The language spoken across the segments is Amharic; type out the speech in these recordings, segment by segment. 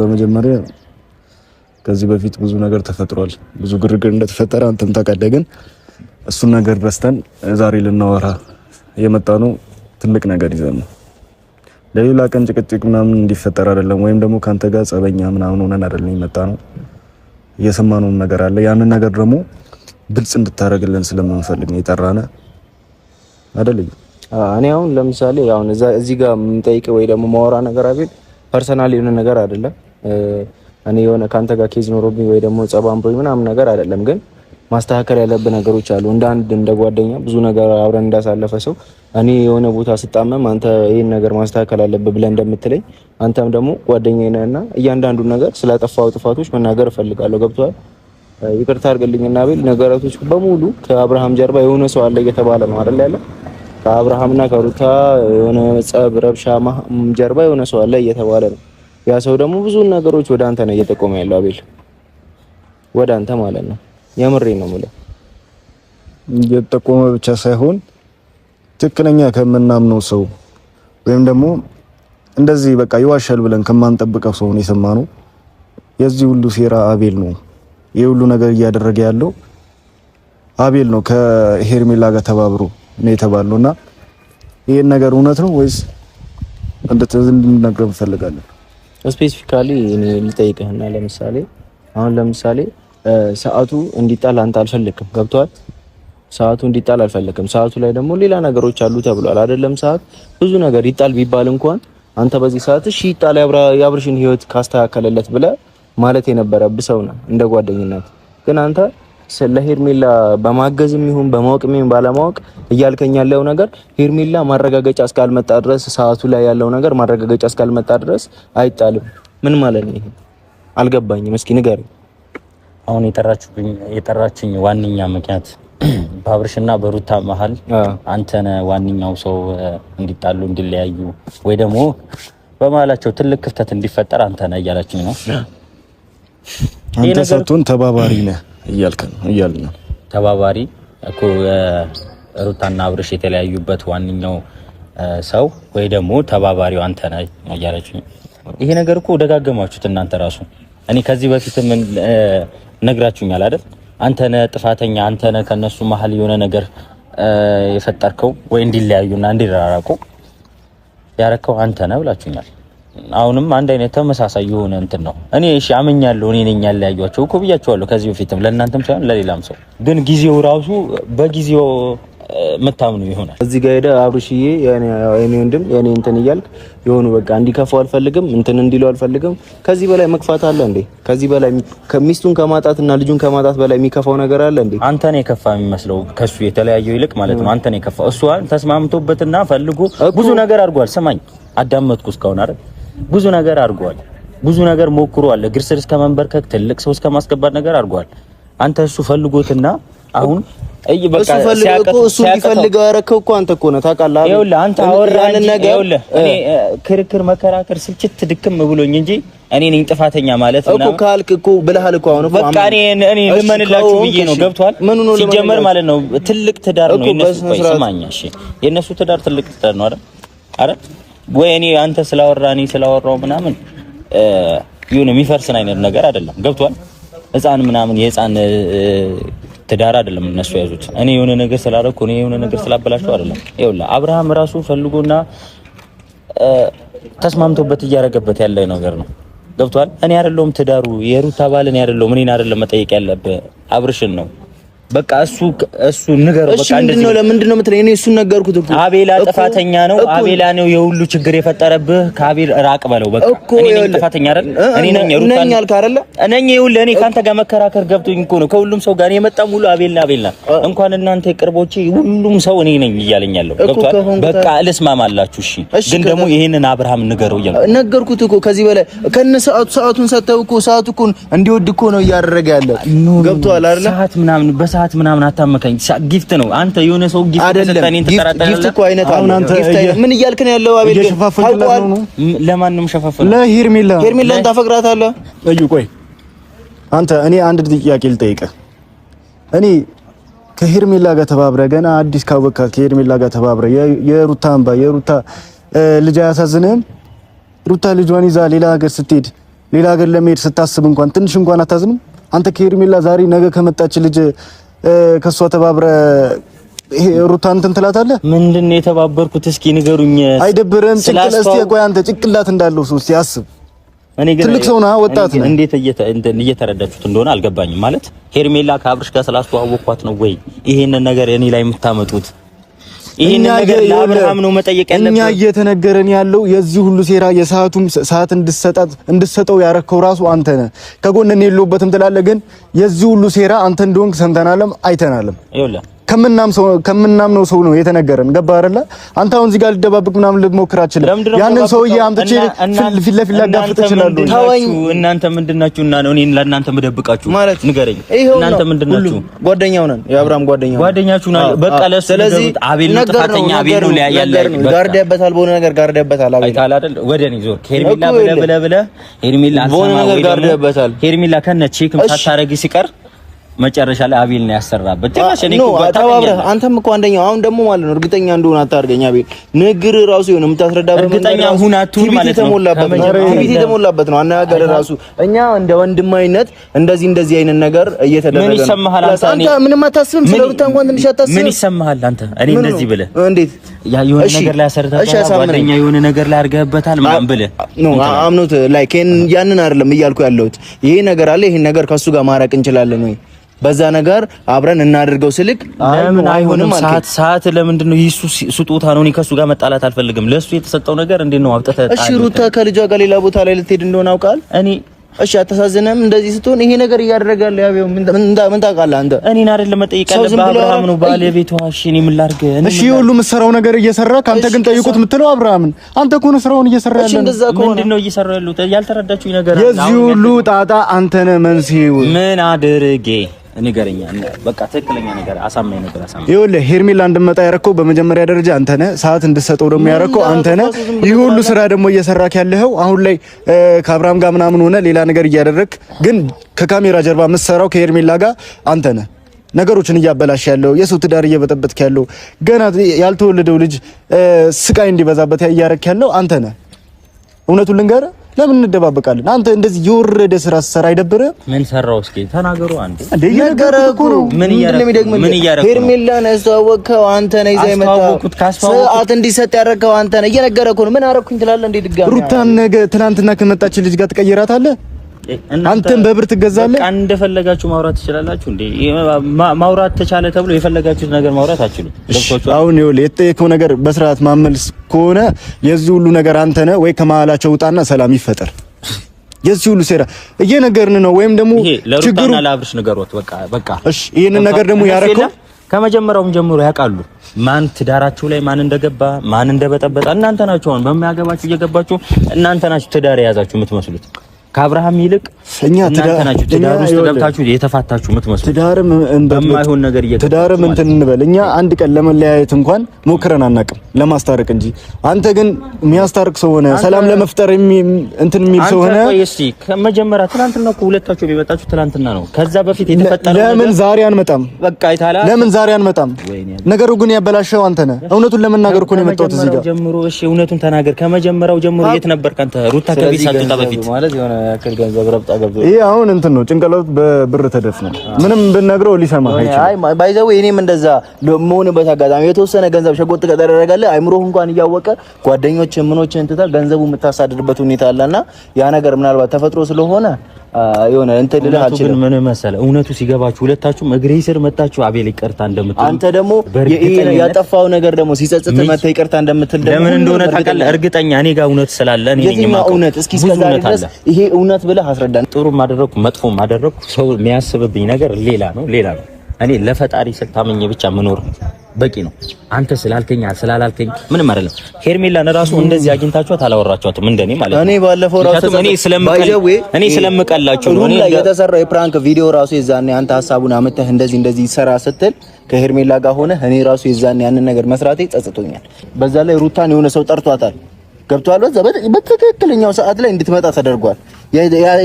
በመጀመሪያ ከዚህ በፊት ብዙ ነገር ተፈጥሯል። ብዙ ግርግር እንደተፈጠረ አንተም ታውቃለህ። ግን እሱን ነገር ረስተን ዛሬ ልናወራ የመጣ ነው። ትልቅ ነገር ይዘን ነው። ለሌላ ቀን ጭቅጭቅ ምናምን እንዲፈጠር አይደለም፣ ወይም ደግሞ ከአንተ ጋር ጸበኛ ምናምን ሆነን አይደለም የመጣ ነው። እየሰማነውን ነገር አለ። ያንን ነገር ደግሞ ግልጽ እንድታደርግልን ስለምንፈልግ ነው የጠራነ አይደለም። እኔ አሁን ለምሳሌ አሁን እዚህ ጋር የምንጠይቅ ወይ ደግሞ ማወራ ነገር አቤል ፐርሰናል የሆነ ነገር አይደለም። እኔ የሆነ ከአንተ ጋር ኬዝ ኖሮብኝ ወይ ደግሞ ጸብ አምሮኝ ምናምን ነገር አይደለም። ግን ማስተካከል ያለብህ ነገሮች አሉ። እንደ አንድ እንደ ጓደኛ ብዙ ነገር አብረን እንዳሳለፈ ሰው እኔ የሆነ ቦታ ስጣመም አንተ ይህን ነገር ማስተካከል አለብህ ብለህ እንደምትለኝ አንተም ደግሞ ጓደኛ ነህ እና እያንዳንዱን ነገር ስለጠፋው ጥፋቶች መናገር እፈልጋለሁ። ገብቶሃል? ይቅርታ አድርግልኝ እና ቤል ነገራቶች በሙሉ ከአብርሃም ጀርባ የሆነ ሰው አለ እየተባለ ነው አይደል ያለ ከአብርሃምና ከሩታ የሆነ ጸብ፣ ረብሻ ጀርባ የሆነ ሰው አለ እየተባለ ነው። ያ ሰው ደግሞ ብዙ ነገሮች ወደ አንተ ነው እየጠቆመ ያለው አቤል፣ ወደ አንተ ማለት ነው። የምሬ ነው የምልህ እየጠቆመ ብቻ ሳይሆን ትክክለኛ ከምናምነው ሰው ወይም ደግሞ እንደዚህ በቃ ይዋሻል ብለን ከማንጠብቀው ሰው ነው የሰማነው። የዚህ ሁሉ ሴራ አቤል ነው። ይህ ሁሉ ነገር እያደረገ ያለው አቤል ነው ከሄርሜላ ጋር ተባብሮ ነው የተባለው እና ይሄን ነገር እውነት ነው ወይስ እንድትነግረን እንፈልጋለን። ስፔሲፊካሊ እኔ ልጠይቅህና ለምሳሌ አሁን ለምሳሌ ሰዓቱ እንዲጣል አንተ አልፈልግም ገብቷል። ሰዓቱ እንዲጣል አልፈለክም። ሰዓቱ ላይ ደግሞ ሌላ ነገሮች አሉ ተብሏል አይደለም። ሰዓት ብዙ ነገር ይጣል ቢባል እንኳን አንተ በዚህ ሰዓት እሺ ይጣል የአብርሽን ህይወት ካስተካከለለት ብለህ ማለት የነበረብህ ሰው ነህ እንደ ጓደኝነት ግን አንተ ስለ ሄርሜላ በማገዝም ይሁን በማወቅም ይሁን ባለማወቅ እያልከኝ ያለው ነገር ሄርሜላ ማረጋገጫ እስካልመጣ ድረስ ሰዓቱ ላይ ያለው ነገር ማረጋገጫ እስካልመጣ ድረስ አይጣልም። ምን ማለት ነው? አልገባኝም። እስኪ ንገረኝ። አሁን የጠራችሁኝ የጠራችሁኝ ዋነኛ ምክንያት በአብርሽና በሩታ መሀል አንተነ ዋነኛው ሰው እንዲጣሉ እንዲለያዩ፣ ወይ ደግሞ በመሀላቸው ትልቅ ክፍተት እንዲፈጠር አንተነ እያላችኝ ነው። አንተ ሰጡን ተባባሪ ነህ እያልን ነው። ተባባሪ እኮ ሩታና አብርሽ የተለያዩበት ዋነኛው ሰው ወይ ደግሞ ተባባሪው አንተ ነህ እያለች ይሄ ነገር እኮ ደጋገማችሁት እናንተ ራሱ እኔ ከዚህ በፊት ምን ነግራችሁኛል አይደል? አንተ ነህ ጥፋተኛ፣ አንተ ነህ ከነሱ መሀል የሆነ ነገር የፈጠርከው ወይ እንዲለያዩና እንዲራራቁ ያረከው አንተ ነህ ብላችሁኛል። አሁንም አንድ አይነት ተመሳሳይ የሆነ እንትን ነው። እኔ እሺ አመኛለሁ፣ እኔ ነኝ ያለያዩዋቸው እኮ ብያቸዋለሁ ከዚህ በፊትም ለእናንተም ሳይሆን ለሌላም ሰው። ግን ጊዜው ራሱ በጊዜው መታምኑ ይሆናል። እዚህ ጋር ሄደህ አብርሽዬ፣ የኔ ወንድም፣ የኔ እንትን እያልክ የሆኑ በቃ እንዲከፋው አልፈልግም፣ እንትን እንዲለው አልፈልግም። ከዚህ በላይ መክፋት አለ እንዴ? ከዚህ በላይ ሚስቱን ከማጣትና ልጁን ከማጣት በላይ የሚከፋው ነገር አለ እንዴ? አንተን የከፋ የሚመስለው ከሱ የተለያየው ይልቅ ማለት ነው። አንተን የከፋ እሷ ተስማምቶበትና ፈልጎ ብዙ ነገር አድርጓል። ስማኝ፣ አዳመጥኩ እስካሁን አይደል ብዙ ነገር አድርጓል። ብዙ ነገር ሞክሯል። እግር ስር እስከ መንበርከክ ትልቅ ሰው እስከ ማስገባት ነገር አድርጓል። አንተ እሱ ፈልጎትና አሁን እይ በቃ ሲያቀጥ እሱ ቢፈልገው ያረከው እኮ አንተ እኮ ነህ። ታውቃለህ አይደል? ይኸውልህ አንተ አወራን ነገር እኔ ክርክር መከራከር ስልችት ድክም ብሎኝ እንጂ እኔ ነኝ ጥፋተኛ ማለት ነው እኮ ካልክ እኮ ብለሃል እኮ አሁን እኮ በቃ እኔ እኔ ልመንላችሁ ብዬ ነው። ገብቷል ሲጀመር ማለት ነው። ትልቅ ትዳር ነው የነሱ። ቆይ ስማኝ፣ እሺ የነሱ ትዳር ትልቅ ትዳር ነው አይደል? አይደል ወይ እኔ አንተ ስላወራ እኔ ስላወራው ምናምን ይሁን የሚፈርስን አይነት ነገር አይደለም። ገብቷል። ህፃን ምናምን የህፃን ትዳር አይደለም እነሱ ያዙት። እኔ የሆነ ነገር ስላደረኩ እኔ የሆነ ነገር ስላበላሽው አይደለም። ይኸውልህ አብርሃም ራሱ ፈልጎና ተስማምቶበት እያደረገበት ያለ ነገር ነው። ገብቷል። እኔ አይደለሁም ትዳሩ የሩታ ባል እኔ አይደለሁም። እኔን አይደለም መጠየቅ ያለብህ አብርሽን ነው። በቃ እሱ እሱ ንገር በቃ ምንድን ነው ለምንድን ነው የምትለኝ? እኔ እሱን ነገርኩት እኮ አቤላ ጥፋተኛ ነው፣ አቤላ ነው የሁሉ ችግር የፈጠረብህ። ከአቤል ራቅ በለው በቃ። እኔ ነኝ ጥፋተኛ አይደል? እኔ ነኝ ሩታን ነኝ አልከ አይደለ? እኔ ይኸውልህ፣ እኔ ካንተ ጋር መከራከር ገብቶኝ እኮ ነው። ከሁሉም ሰው ጋር የመጣም ሁሉ አቤልና አቤልና እንኳን እናንተ የቅርቦቼ ሁሉም ሰው እኔ ነኝ እያለኝ ያለው ገብቷል። በቃ ልስማማላችሁ። እሺ፣ ግን ደግሞ ይሄንን አብርሃም ንገረው እያልኩ ነገርኩት እኮ ከዚህ በላይ ከነ ሰዓቱ ሰዓቱን ሰተው እኮ ሰዓቱ እኮ እንዲወድ እኮ ነው እያደረገ ያለ ገብቷል አይደለ? ሰዓት ምናምን በሰዓት ሰዓት ምናምን አታመካኝ። ጊፍት ነው። አንተ የሆነ ሰው ጊፍት አይደለም። ጊፍት እኮ አይነት አሁን አንተ ምን እያልክ ነው ያለው? አቤል ግን ታውቀዋል። ለማንም ሸፋፈለ ለሄርሜላ ሄርሜላን ታፈቅራታለህ? እዩ ቆይ አንተ እኔ አንድ ጥያቄ ልጠይቅህ። እኔ ከሄርሜላ ጋር ተባብረ ገና አዲስ ካወካ ከሄርሜላ ጋር ተባብረ የሩታ አምባ የሩታ ልጅ አያሳዝንህም? ሩታ ልጇን ይዛ ሌላ ሀገር ስትሄድ ሌላ ሀገር ለመሄድ ስታስብ እንኳን ትንሽ እንኳን አታዝንም? አንተ ከሄርሜላ ዛሬ ነገ ከመጣች ልጅ ከእሷ ተባብረ ሩታ እንትን ትላታለህ። ምንድን ነው የተባበርኩት? እስኪ ንገሩኝ። አይደብርም ጭንቅላት እስኪ ቆይ፣ አንተ ጭንቅላት እንዳለው ሰው እስኪ አስብ። ትልቅ ሰው ነህ፣ ወጣት ነህ። እንዴት እየተረዳችሁት እንደሆነ አልገባኝም። ማለት ሄርሜላ ከአብርሽ ጋር ስላስተዋወቅኳት ነው ወይ ይሄንን ነገር እኔ ላይ የምታመጡት? ይሄን ነገር ለአብርሃም ነው መጠየቅ እኛ እየተነገረን ያለው የዚህ ሁሉ ሴራ የሰዓቱም ሰዓት እንድሰጣት እንድሰጠው ያረከው ራሱ አንተ ነህ። ከጎን እኔ የለሁበትም ትላለህ፣ ግን የዚህ ሁሉ ሴራ አንተ እንደሆንክ ሰምተናለም አይተናለም። ከምናምነው ሰው ነው የተነገረን። ገባ አይደለ? አንተ አሁን እዚህ ጋር ልደባብቅ ምናምን ልሞክር አችልም። ያንን ሰውዬ አምጥቼ ፊት ለፊት ላጋፍጥ እችላለሁ። እናንተ ምንድን ናችሁ? እና ነው እኔን ለእናንተ የምደብቃችሁ ማለት ንገረኝ። እናንተ ምንድን ናችሁ? ጓደኛው ነን፣ የአብርሃም ጓደኛው ጓደኛችሁ ነው። በቃ ለሱ። ስለዚህ አቤል ነው ጥፋተኛ፣ አቤል ነው ሊያያለ ጋርድ ያበታል፣ በሆነ ነገር ጋርድ ያበታል። አቤል አይታል አይደል? ወደኔ ዞር ሄርሜላ ብለህ ብለህ ብለህ ሄርሜላ ከነ ቼክም ሳታረጊ ሲቀር መጨረሻ ላይ አቤል ነው ያሰራበት። ጭራሽ እኔ እኮ ተባብረህ አንተም እኮ አንደኛው አሁን ደግሞ ማለት ነው እርግጠኛ እንደሆነ አታርገኝ። አቤል ንግር ራሱ የሆነ የምታስረዳበት እርግጠኛ ሁን አትሁን ማለት ነው ነው ትዕቢት የተሞላበት ነው አነጋገር ራሱ። እኛ እንደ ወንድማይነት እንደዚህ እንደዚህ አይነት ነገር እየተደረገ ነው። ምን ይሰማሃል አንተ? ምንም አታስብም። ስለ ሩታ እንኳን ትንሽ አታስብም። ምን ይሰማሃል አንተ? እኔ እንደዚህ ብለህ እንዴት ያ የሆነ ነገር ላይ አሰርተህ ጓደኛ የሆነ ነገር ላይ አድርገህበታል ምናምን ብለህ ነው አምኖት ላይክ ያንን አይደለም እያልኩ ያለሁት። ይሄ ነገር አለ ይሄን ነገር ከሱ ጋር ማራቅ እንችላለን ወይ በዛ ነገር አብረን እናደርገው ስልክ ለምን አይሆንም? ሰዓት ሰዓት ለምንድን ነው ይሱ ስጦታ ነው። እኔ ከሱ ጋር መጣላት አልፈልግም። ለሱ የተሰጠው ነገር እንዴት ነው አብጠተ እሺ፣ ሩታ ከልጇ ጋር ሌላ ቦታ ላይ ልትሄድ እንደሆነ አውቃል። እኔ እሺ፣ አታሳዝንም? እንደዚህ ስትሆን ይሄ ነገር እያደረጋል። ያው ምን ምን ታውቃለህ አንተ? እኔን አይደለም መጠየቅ ያለብህ አብርሃም ነው ባለቤቷ። እሺ፣ እኔ ምን ላድርግ? እሺ፣ ሁሉ የምትሰራው ነገር እየሰራ ከአንተ ግን ጠይቁት የምትለው አብርሃምን። አንተ እኮ ስራውን እየሰራ ያለ። ምንድን ነው እየሰራ ያለው? ያልተረዳችሁ ነገር የዚህ ሁሉ ጣጣ አንተ ነህ መንስኤው። ምን አድርጌ ንገረኛ በቃ ትክክለኛ ነገር አሳማኝ ነገር አሳማኝ ይኸውልህ ሄርሜላ እንድመጣ ያደረከው በመጀመሪያ ደረጃ አንተ ነህ ሰዓት እንድሰጠው ደግሞ ያደረከው አንተ ነህ ይህ ሁሉ ስራ ደግሞ እየሰራክ ያለኸው አሁን ላይ ከአብርሃም ጋር ምናምን ሆነ ሌላ ነገር እያደረክ ግን ከካሜራ ጀርባ የምትሰራው ከሄርሜላ ጋር አንተ ነህ ነገሮችን እያበላሽ ያለው የሰው ትዳር እየበጠበጥክ ያለው ገና ያልተወለደው ልጅ ስቃይ እንዲበዛበት እያደረክ ያለው አንተ ነህ እውነቱን ልንገርህ ለምን እንደባበቃለን? አንተ እንደዚህ የወረደ ስራ ሰራ አይደብርህም? ምን ሰራው? እስኪ ተናገሩ። አንተ እንደ ነገር እኮ ነው። ምን እያደረክ ነው? ሄርሜላን ያስተዋወቅኸው አንተ ነህ። ይዘህ የመጣኸው ሰዓት እንዲሰጥ ያደረግኸው አንተ ነህ። እየነገረህ እኮ ነው። ምን አደረኩኝ ትላለህ? እንደ ድጋሚ ሩታን ነገ ትናንትና ከመጣች ልጅ ጋር ትቀይራታለህ አንተን በብር ትገዛለህ። እንደፈለጋችሁ ማውራት ትችላላችሁ። እንዴ ማውራት ተቻለ ተብሎ የፈለጋችሁት ነገር ማውራት አትችሉ። አሁን ይኸውልህ የተጠየቀው ነገር በስርዓት ማመልስ ከሆነ የዚህ ሁሉ ነገር አንተ ነህ ወይ? ከመሀላቸው ውጣና ሰላም ይፈጠር። የዚህ ሁሉ ሴራ እየነገርን ነው። ወይም ደግሞ ችግሩ ለአብርሽ ንገሮት። በቃ በቃ። እሺ ይሄንን ነገር ደግሞ ያረከው ከመጀመሪያውም ጀምሮ ያውቃሉ። ማን ትዳራችሁ ላይ ማን እንደገባ ማን እንደበጠበጣ እናንተ ናችሁ። አሁን በማያገባችሁ እየገባችሁ እናንተ ናችሁ ትዳር የያዛችሁ የምትመስሉት ከአብርሃም ይልቅ እኛ ናችሁ ትዳር ውስጥ ገብታችሁ የተፋታችሁ የምትመስሉ። ትዳርም እንደማይሆን ነገር እየገባችሁ ትዳርም እንትን እንበል። እኛ አንድ ቀን ለመለያየት እንኳን ሞክረን አናውቅም፣ ለማስታረቅ እንጂ። አንተ ግን የሚያስታርቅ ሰው ሆነ፣ ሰላም ለመፍጠር እንትን የሚል ሰው ሆነ። እስቲ ከመጀመሪያ ትናንትና እኮ ሁለታችሁ የመጣችሁ ትናንትና ነው። ከዛ በፊት የተፈጠረ ለምን ዛሬ አንመጣም? በቃ ይታላ ለምን ዛሬ አንመጣም? ነገሩ ግን ያበላሸው አንተ ነህ። እውነቱን ለመናገር እኮ ነው የመጣሁት እዚህ ጋር ጀምሮ። እሺ እውነቱን ተናገር። ከመጀመሪያው ጀምሮ የት ነበርክ አንተ? ሩታ ከቤት ሳትወጣ በፊት ማለት የሆነ ያክል ገንዘብ ረብጣ ገብቶ ይሄ አሁን እንትን ነው ጭንቅላት በብር ተደፍነ ምንም ብነግረው ሊሰማ አይችልም። አይ ባይዘው እኔም እንደዛ መሆንበት አጋጣሚ የተወሰነ ገንዘብ ሸጎጥ ከተደረገለ አይምሮህ እንኳን እያወቀ ጓደኞች ምኖች እንትታ ገንዘቡ የምታሳድድበት ሁኔታ አለና ያ ነገር ምናልባት ተፈጥሮ ስለሆነ የሆነ እንትን ልልህ አልችልም። ምን መሰለህ እውነቱ ሲገባችሁ ሁለታችሁም እግሬ ስር መጣችሁ አቤል ይቅርታ እንደምትል አንተ ደግሞ ያጠፋው ነገር ደግሞ ሲጸጽት መተህ ይቅርታ እንደምትል ለምን እንደሆነ ታውቃለህ። እርግጠኛ እኔ ጋር እውነት ስላለ እኔ ነኝ ማቆም እውነት። እስኪ እስከዛሬ ድረስ ይሄ እውነት ብለህ አስረዳን። ጥሩ ማደረኩ መጥፎም ማደረኩ ሰው የሚያስብብኝ ነገር ሌላ ነው ሌላ ነው እኔ ለፈጣሪ ስል ታመኝ ብቻ መኖር በቂ ነው። አንተ ስላልከኝ ስላላልከኝ ምንም አይደለም። ሄርሜላን እራሱ እንደዚህ አግኝታችኋት አላወራችኋትም? እንደኔ ማለት ነው። እኔ ባለፈው ራሱ እኔ ስለምቀል እኔ ስለምቀላችሁ ነው። እኔ የተሰራው የፕራንክ ቪዲዮ ራሱ የዛኔ አንተ ሀሳቡን አመተህ እንደዚህ እንደዚህ ይሰራ ስትል ከሄርሜላ ጋር ሆነ እኔ ራሱ የዛኔ ያንን ነገር መስራቴ ጸጽቶኛል። በዛ ላይ ሩታን የሆነ ሰው ጠርቷታል ገብቷል። በዛ በትክክለኛው ሰዓት ላይ እንድትመጣ ተደርጓል።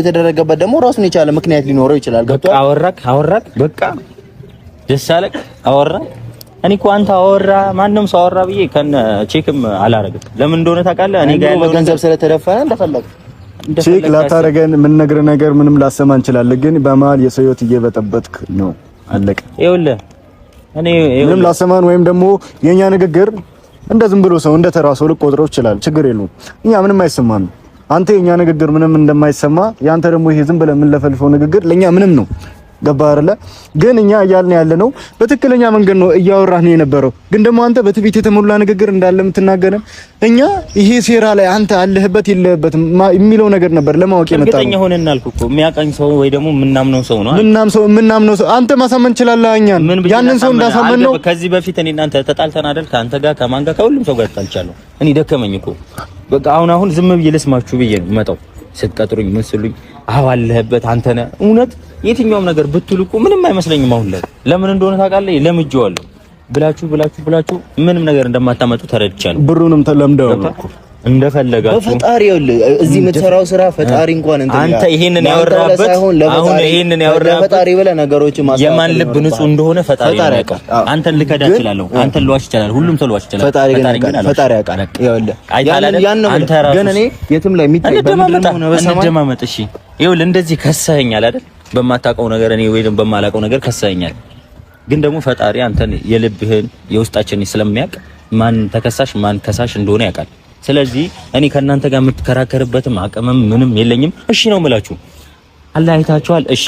የተደረገበት ደግሞ ራሱን የቻለ ምክንያት ሊኖረው ይችላል። ገብቷል። አወራክ አወራክ በቃ ደስ አለህ? አወራ እኔ እኮ አንተ አወራ ማንም ሰው አወራ ብዬ ከነ ቼክም አላረግም። ለምን እንደሆነ ታውቃለህ? እኔ ጋር ያለው ገንዘብ ስለተደፈነ እንደፈለግ ቼክ ላታረገን የምንነግርህ ነገር ምንም ላሰማ እንችላለን፣ ግን በመሀል የሰው ህይወት እየበጠበጥክ ነው። አለቀ። ይኸውልህ እኔ ምንም ላሰማን ወይም ደግሞ የኛ ንግግር እንደ ዝም ብሎ ሰው እንደ ተራ ሰው ልቆጥረው ይችላል። ችግር የለውም። እኛ ምንም አይሰማን። አንተ የኛ ንግግር ምንም እንደማይሰማ ያንተ ደግሞ ይሄ ዝም ብለህ የምንለፈልፈው ንግግር ለኛ ምንም ነው። ገባ አይደለ? ግን እኛ እያልን ያለ ነው በትክክለኛ መንገድ ነው ነው የነበረው። ግን ደግሞ አንተ በትቢት የተሞላ ንግግር እንዳለ የምትናገረ እኛ ይሄ ሴራ ላይ አንተ አለህበት የለህበትም የሚለው ነገር ነበር ለማወቅ የመጣ ነው። እኛ እናልኩ እኮ የሚያቀኝ ሰው ወይ ደግሞ የምናምነው ሰው ነው ምናም ሰው ምናምነው ሰው አንተ ማሳመን ትችላለህ። እኛን ያንን ሰው እንዳሳመን ነው። ከዚህ በፊት እኔ እናንተ ተጣልተን አይደል? ከአንተ ጋር ከማን ጋር ከሁሉም ሰው ጋር ተጣልቻለሁ። እኔ ደከመኝ እኮ በቃ አሁን አሁን ዝም ብዬ ልስማችሁ ብዬ ነው መጣው ስትቀጥሩኝ መስሉኝ። አዎ አለህበት አንተ ነህ እውነት የትኛውም ነገር ብትልቁ ምንም አይመስለኝም። አሁን ላይ ለምን እንደሆነ ታውቃለህ? ለምጄዋለሁ ብላችሁ ብላችሁ ብላችሁ ምንም ነገር እንደማታመጡ ተረድቻለሁ። ብሩንም ተለምደው እንደፈለጋችሁ በፈጣሪ ይኸውልህ፣ እዚህ የምትሰራው ስራ ፈጣሪ እንኳን እንትን አንተ ይሄንን ያወራበት አሁን ይሄንን ያወራበት ፈጣሪ ብለ ነገሮች ማሳ የማን ልብ ንጹህ እንደሆነ ፈጣሪ ያውቃል። አንተን ልከዳ እችላለሁ፣ አንተን ልዋሽ ይችላል፣ ሁሉም ሰው ልዋሽ ይችላል። ፈጣሪ ግን ፈጣሪ ያውቃል። ይኸውልህ አንተ ራስህ ግን እኔ የትም ላይ የሚታይ በምድር ነው በሰማይ እንደማመጥ። እሺ ይኸውልህ እንደዚህ ከሰኸኛል አይደል በማታውቀው ነገር እኔ ወይም በማላውቀው ነገር ከሰኛል። ግን ደግሞ ፈጣሪ አንተን የልብህን የውስጣችንን ስለሚያውቅ ማን ተከሳሽ ማን ከሳሽ እንደሆነ ያውቃል። ስለዚህ እኔ ከእናንተ ጋር የምትከራከርበትም አቅምም ምንም የለኝም። እሺ ነው የምላችሁ። አላይታችኋል። እሺ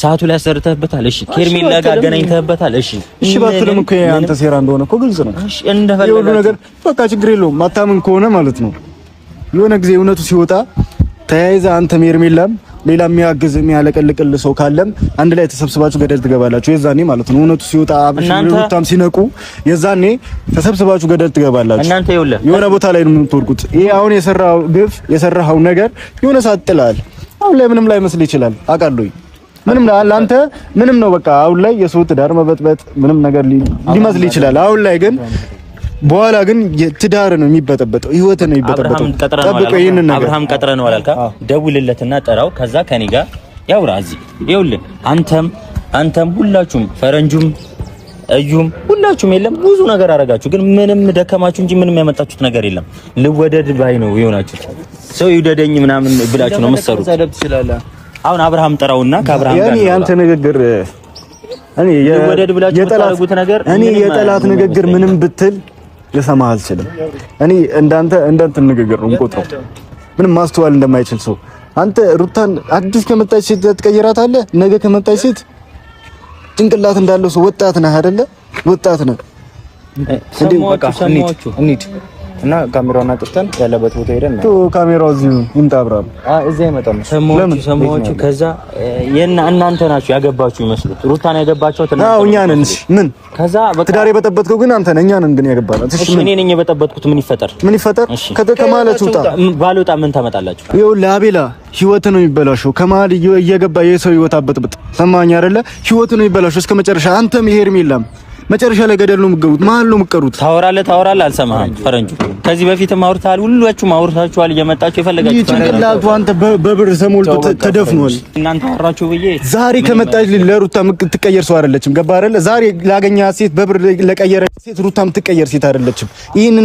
ሰዓቱ ላይ አሰርተህበታል። እሺ ኬርሜላ ጋር አገናኝተህበታል። እሺ እሺ ባትልም እኮ አንተ ሴራ እንደሆነ እኮ ግልጽ ነው። እሺ እንደፈለገ ሁሉ ነገር በቃ ችግር የለውም። ማታምን ከሆነ ማለት ነው የሆነ ጊዜ እውነቱ ሲወጣ ተያይዘህ አንተ ሄርሜላም ሌላ የሚያግዝ የሚያለቀልቅል ሰው ካለም አንድ ላይ ተሰብስባችሁ ገደል ትገባላችሁ። የዛኔ ማለት ነው እውነቱ ሲወጣ አብሽሩታም ሲነቁ፣ የዛኔ ተሰብስባችሁ ገደል ትገባላችሁ። እናንተ የሆነ ቦታ ላይ ነው የምትወድቁት። ይሄ አሁን የሰራው ግፍ የሰራው ነገር የሆነ ሰዓት ጥላል። አሁን ላይ ምንም ላይ መስል ይችላል አቃሉኝ ምንም ለአንተ ምንም ነው በቃ አሁን ላይ የሰው ትዳር መበጥበጥ ምንም ነገር ሊመስል ይችላል። አሁን ላይ ግን በኋላ ግን ትዳር ነው የሚበጠበጠው፣ ህይወት ነው የሚበጠበጠው። አብርሃም ቀጥረ ነው አብርሃም ቀጥረነው አላልካ? ደውልለትና ጠራው። ከዛ ከኔ ጋር ያውራ። እዚህ ይኸውልህ፣ አንተም አንተም ሁላችሁም ፈረንጁም እዩም ሁላችሁም የለም ብዙ ነገር አረጋችሁ፣ ግን ምንም ደከማችሁ እንጂ ምንም ያመጣችሁት ነገር የለም። ልወደድ ባይ ነው የሆናችሁ ሰው ይውደደኝ ምናምን ብላችሁ ነው የምትሰሩት። አሁን አብርሃም ጠራውና ከአብርሃም ጋር ያኔ ያንተ ንግግር እኔ የወደድ ብላችሁ ነገር የጠላት ንግግር ምንም ብትል ልሰማ አልችልም። እኔ እንዳንተ እንዳንተ ንግግር ነው የምቆጥረው፣ ምንም ማስተዋል እንደማይችል ሰው። አንተ ሩታን አዲስ ከመጣች ሴት ትቀይራታለህ፣ ነገ ከመጣች ሴት ጭንቅላት እንዳለው ሰው ወጣት ነህ አይደለ? ወጣት ነህ። እንዴ? እና ካሜራውን አጥፍተን ያለበት ቦታ ሄደን ነው። ካሜራው እዚህ ይምጣ አብራም። እዚህ አይመጣም። ሰሞቹ ሰሞቹ ከዛ የና እናንተ ናችሁ ያገባችሁ ይመስሉት ሩታን ያገባችሁ እና አዎ እኛ ነን። እሺ ምን ከዛ በቃ ትዳር የበጠበጥከው ግን አንተ ነህ። እኛ ነን ግን ያገባናት። እሺ እኔ ነኝ የበጠበጥኩት። ምን ይፈጠር ምን ይፈጠር ከማለት ውጣ። ባልወጣ ምን ታመጣላችሁ? ይኸውልህ አቤላ ህይወት ነው የሚበላሸው። ከመሀል እየገባ የሰው ህይወት አበጥብጥ። ሰማኝ አይደለ? ህይወት ነው የሚበላሸው እስከ መጨረሻ አንተም ሄርሜላም መጨረሻ ላይ ገደል ነው የምትገቡት፣ መሀል ነው የምትቀሩት። ታወራለህ ታወራለህ፣ አልሰማህም ፈረንጁ። ከዚህ በፊትም አውርተሃል፣ ሁላችሁም አውርታችኋል። እየመጣችሁ የፈለጋችሁ ይህ ጭንቅላቱ አንተ በብር ተሞልቶ ተደፍኗል። እናንተ አወራችሁ ብዬ ዛሬ ከመጣች ለሩታ የምትቀየር ሰው አይደለችም። ገባህ አይደለ? ዛሬ ላገኛት ሴት በብር ለቀየረ ሴት ሩታ የምትቀየር ሴት አይደለችም። ይህን